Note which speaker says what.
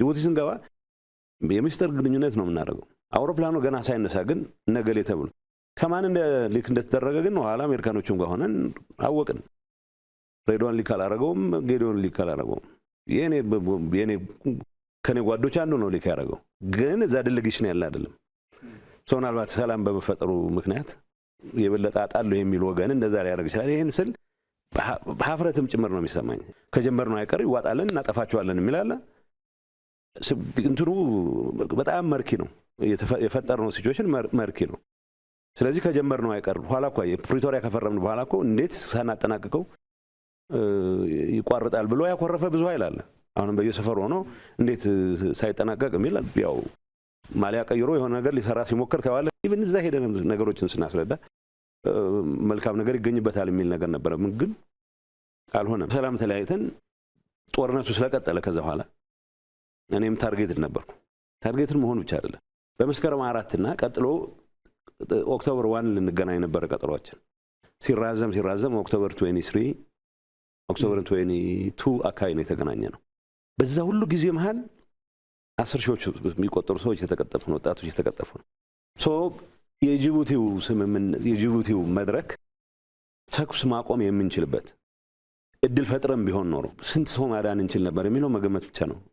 Speaker 1: ጅቡቲ ስንገባ የሚስጥር ግንኙነት ነው የምናደርገው። አውሮፕላኑ ገና ሳይነሳ ግን ነገሌ ተብሎ ከማን ሊክ እንደተደረገ ግን ኋላ አሜሪካኖቹም ጋር ሆነን አወቅን። ሬድዋን ሊክ አላረገውም፣ ጌዲዮን ሊክ አላረገውም። የኔ ከኔ ጓዶች አንዱ ነው ሊክ ያደረገው። ግን እዛ ድልግሽን ያለ አይደለም ሰው ምናልባት ሰላም በመፈጠሩ ምክንያት የበለጠ አጣለሁ የሚል ወገን እንደዛ ሊያደርግ ይችላል። ይህን ስል ሀፍረትም ጭምር ነው የሚሰማኝ። ነው አይቀር ይዋጣለን እናጠፋቸዋለን የሚላለ እንትኑ በጣም መርኪ ነው የፈጠርነው ሲቹዌሽን መርኪ ነው። ስለዚህ ከጀመር ነው አይቀር በኋላ እኮ ፕሪቶሪያ ከፈረምን በኋላ እኮ እንዴት ሳናጠናቅቀው ይቋርጣል ብሎ ያኮረፈ ብዙ ኃይል አለ። አሁንም በየሰፈሩ ሆኖ እንዴት ሳይጠናቀቅ የሚል ያው ማሊያ ቀይሮ የሆነ ነገር ሊሰራ ሲሞክር ተባለ። ኢቨን እዛ ሄደን ነገሮችን ስናስረዳ መልካም ነገር ይገኝበታል የሚል ነገር ነበረ፣ ግን አልሆነም። ሰላም ተለያይተን ጦርነቱ ስለቀጠለ ከዛ በኋላ እኔም ታርጌትድ ነበርኩ። ታርጌትድ መሆን ብቻ አይደለም። በመስከረም አራትና ቀጥሎ ኦክቶበር ዋን ልንገናኝ ነበረ ቀጠሯችን። ሲራዘም ሲራዘም ኦክቶበር 23 ኦክቶበር 22 አካባቢ ነው የተገናኘ ነው። በዛ ሁሉ ጊዜ መሀል አስር ሺዎች የሚቆጠሩ ሰዎች የተቀጠፉ ነው፣ ወጣቶች የተቀጠፉ ነው። ሶ የጅቡቲው ስምምነት የጅቡቲው መድረክ ተኩስ ማቆም የምንችልበት እድል ፈጥረም ቢሆን ኖሮ ስንት ሰው ማዳን እንችል ነበር የሚለው መገመት ብቻ ነው።